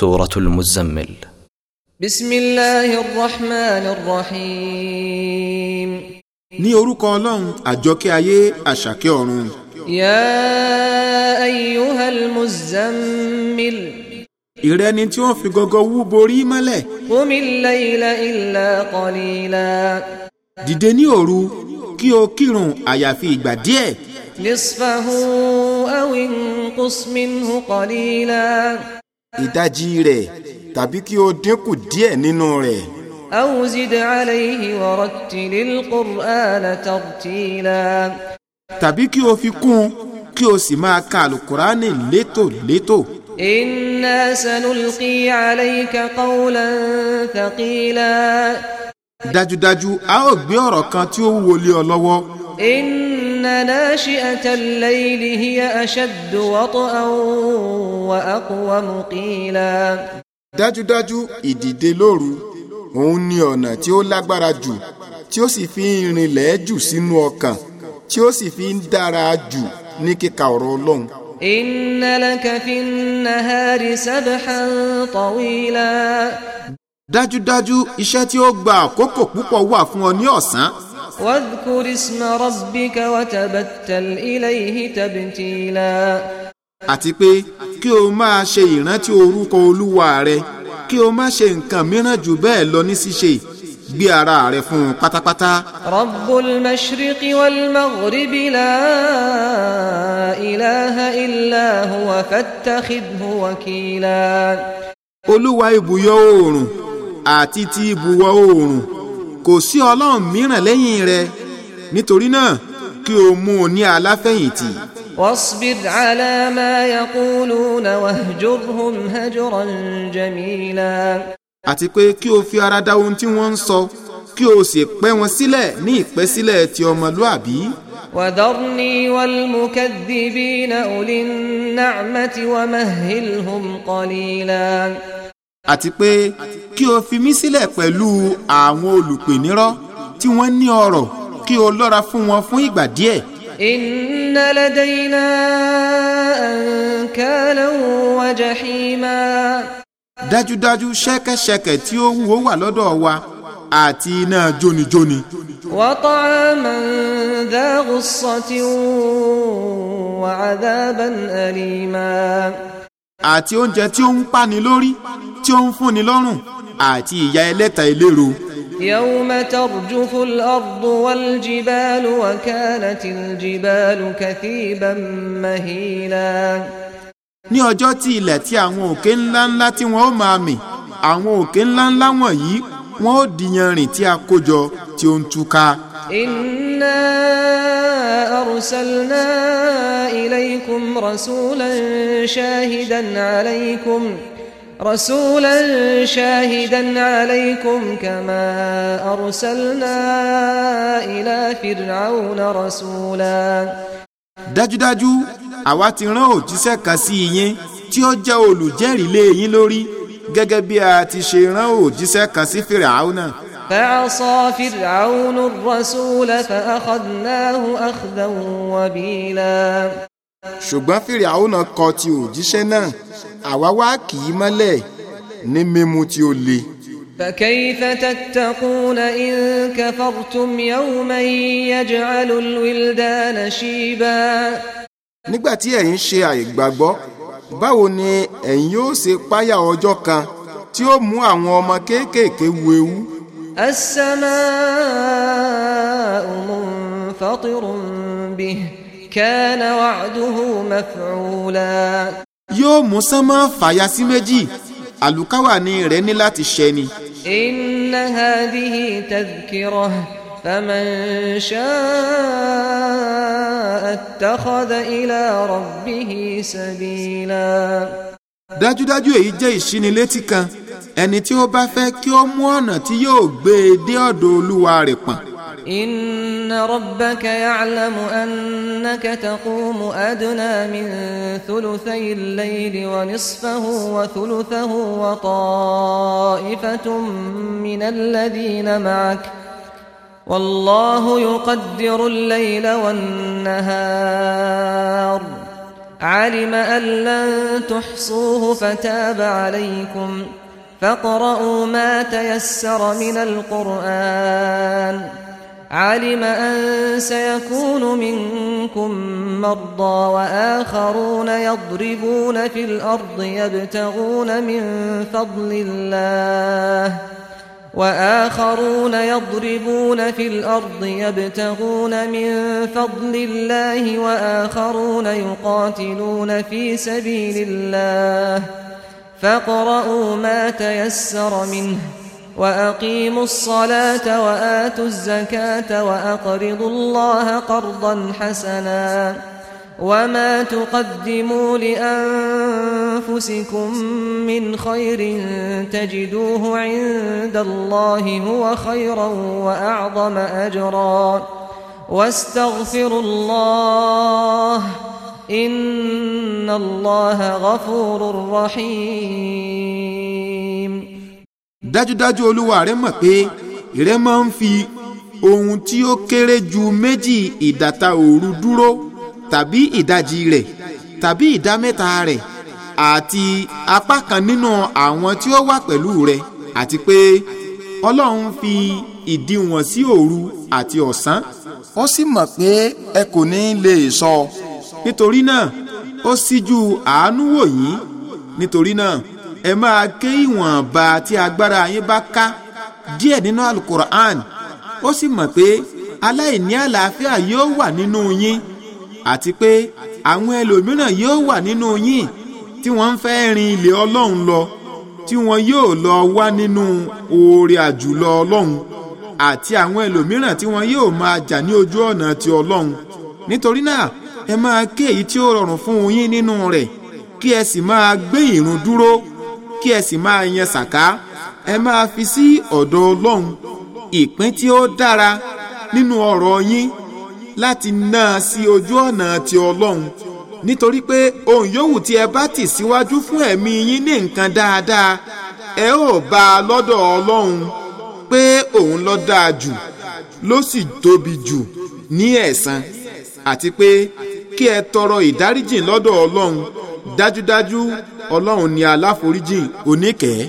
سورة المزمل بسم الله الرحمن الرحيم ní orúkọ ọlọ́run àjọkẹ́ ayé àṣàkẹ́ ọ̀run. yà á ayyuhal muzammil. ìrẹni tí wọ́n fi gọgọ wú borí mọ́lẹ̀. qumil layla illa qalila. dìde ní òru kí o kírun àyàfi ìgbà díẹ̀. nisfahu aw inqus minhu ìdajì rẹ̀ tàbí kí o dínkù díẹ̀ nínú rẹ̀. aw zid alayhi wa rattilil qur'ana tartila. tàbí kí o fi kún un kí o sì máa ka àlùkùránì létòlétò. inna sanulqi alayka qawlan thaqila. dájúdájú a ó gbé ọ̀rọ̀ kan tí ó wọlé ọ lọ́wọ́. inna. إن ناشئة الليل هي أشد وطئا وأقوم قيلا dájúdájú ìdìde lóru òun ni ọ̀nà tí ó lágbára jù tí ó sì fi ń rinlẹ̀ jù sínú ọkàn tí ó sì fi ń dára jù ní kíka ọ̀rọ̀ ọlọ́run. إن لك في النهار سبحا طويلا. dájúdájú iṣẹ́ tí ó gba àkókò púpọ̀ wà fún ọ ní ọ̀sán واذكر اسم ربك وتبتل إليه تبتيلا àti pé kí o máa ṣe ìrántí orúkọ olúwa rẹ kí o má ṣe nǹkan mìíràn jù bẹ́ẹ̀ lọ ní ṣíṣe gbé ara rẹ fún un pátápátá. rabbul mashriqi wal maghribi la ilaha illa huwa fattakhidhu wakila. olúwa ibùyọ oòrùn àti ti ibùwọ̀ oòrùn kò sí ọlọ́run mìíràn lẹ́yìn rẹ nítorí náà kí o mú un ní aláfẹ̀yìntì. واصبر على ما يقولون واهجرهم هجرا جميلا. àti pé kí o fi ara da ohun tí wọ́n ń sọ kí o sì pẹ́ wọn sílẹ̀ ní ìpẹ́sílẹ̀ ti ọmọlúàbí. وذرني والمكذبين أولي النعمة ومهلهم قليلا. àti kí o fi mí sílẹ̀ pẹ̀lú àwọn olùpènírọ́ tí wọ́n ní ọrọ̀ kí o lọ́ra fún wọn fún ìgbà díẹ̀. inna ladayna ankalan wa jahima. dájúdájú ṣẹ́kẹ́ṣẹkẹ̀ tí ó wúwo wà lọ́dọ̀ wa àti iná jónijóni. wa ta'aman dha ghussatin wa 'adhaban alima. àti oúnjẹ tí ó ń pani lórí tí ó ń fúnni lọ́rùn àti ìyà ẹlẹ́ta eléro. يوم ترجف الأرض والجبال وكانت الجبال كثيبا مهيلا ní ọjọ́ tí ilẹ̀ tí àwọn òkè ńláńlá tí wọ́n ó máa mì àwọn òkè ńláńlá wọ̀nyí wọ́n ó dìyanrìn tí a kó tí ó ń túká. inna arsalna ilaykum rasulan shahidan alaykum. رسولا شاهدا عليكم كما أرسلنا إلى فرعون رسولا dájúdájú àwa ti rán òjíṣẹ́ kan sí yín tí ó jẹ́ olùjẹ́rìí lé yín lórí gẹ́gẹ́ bí a ti ṣe rán òjíṣẹ́ kan sí fìràhùnà. فعصى فرعون الرسول فأخذناه أخذا وبيلا. ṣùgbọ́n fìràhùnà kọ̀ ti òjíṣẹ́ náà àwa wá kì í mọ́lẹ̀ ní mímu tí ó le. فكيف تتقون إن كفرتم يوما يجعل الولدان شيبا nígbà tí ẹ̀yin ṣe àìgbàgbọ́ báwo ni ẹ̀yin yóò ṣe páyà ọjọ́ kan tí ó mú àwọn ọmọ kéékèèké wu ewu. as-samaa'u munfatirun bihi kana wa'duhu maf'ula yóò mú sánmọ́ fàya sí méjì àlùkáwà ni rẹ̀ ní láti ṣẹ ni. inna hadhihi tadhkirah faman sha'a attakhadha ila rabbihi sabila. dájúdájú èyí jẹ́ ìṣínilétí kan ẹni tí ó bá fẹ́ kí ó mú ọ̀nà tí yóò gbé e dé ọ̀dọ̀ olúwa rẹ̀ pọ̀n. إن ربك يعلم أنك تقوم أدنى من ثلثي الليل ونصفه وثلثه وطائفة من الذين معك والله يقدر الليل والنهار علم أن لن تحصوه فتاب عليكم فاقرؤوا ما تيسر من القرآن علم أن سيكون منكم مرضى وآخرون يضربون في الأرض يبتغون من فضل الله وآخرون يضربون في الأرض يبتغون من فضل الله وآخرون يقاتلون في سبيل الله فاقرؤوا ما تيسر منه وأقيموا الصلاة وآتوا الزكاة وأقرضوا الله قرضا حسنا وما تقدموا لأنفسكم من خير تجدوه عند الله هو خيرا وأعظم أجرا واستغفروا الله إن الله غفور رحيم dájúdájú olúwa rẹ mọ̀ pé ìrẹ máa ń fi ohun tí ó kéré ju méjì ìdàta òru dúró tàbí ìdajì rẹ̀ tàbí ìdá mẹ́ta rẹ̀ àti apá kan nínú àwọn tí ó wà pẹ̀lú rẹ̀ àti pé ọlọ́run fi ìdíwọ̀n sí òru àti ọ̀sán. ó sì mọ̀ pé ẹ kò ní lè sọ. nítorí náà ó ṣíjú àánú wò yín nítorí náà ẹ máa ké ìwọ̀nba tí agbára yín bá ká díẹ̀ nínú alukur'an ó sì mọ̀ pé aláìní àlàáfíà yóò wà nínú yín àti pé àwọn ẹlòmíràn yóò wà nínú yín tí wọ́n ń fẹ́ rin ilé ọlọ́run lọ tí wọ́n yóò lọ wá nínú oore àjùlọ ọlọ́run àti àwọn ẹlòmíràn tí wọ́n yóò máa jà ní ojú ọ̀nà ti ọlọ́run nítorí náà ẹ máa ké èyí tí ó rọrùn fún yín nínú rẹ̀ kí ẹ sì máa gbé ìrun dúró kí ẹ sì máa yan sàká ẹ máa fi sí ọ̀dọ̀ ọlọ́run ìpín tí ó dára nínú ọ̀rọ̀ yín láti ná a sí ojú ọ̀nà ti ọlọ́run nítorí pé ohun yòówù tí ẹ bá tì síwájú fún ẹ̀mí yín ní nǹkan dáadáa ẹ ó bá a lọ́dọ̀ ọlọ́run pé òun ló dáa jù ló sì tóbi jù ní ẹ̀san àti pé kí ẹ tọrọ ìdáríjìn lọ́dọ̀ ọlọ́run dájúdájú ọlọ́run ni aláforíjìn oníkẹ́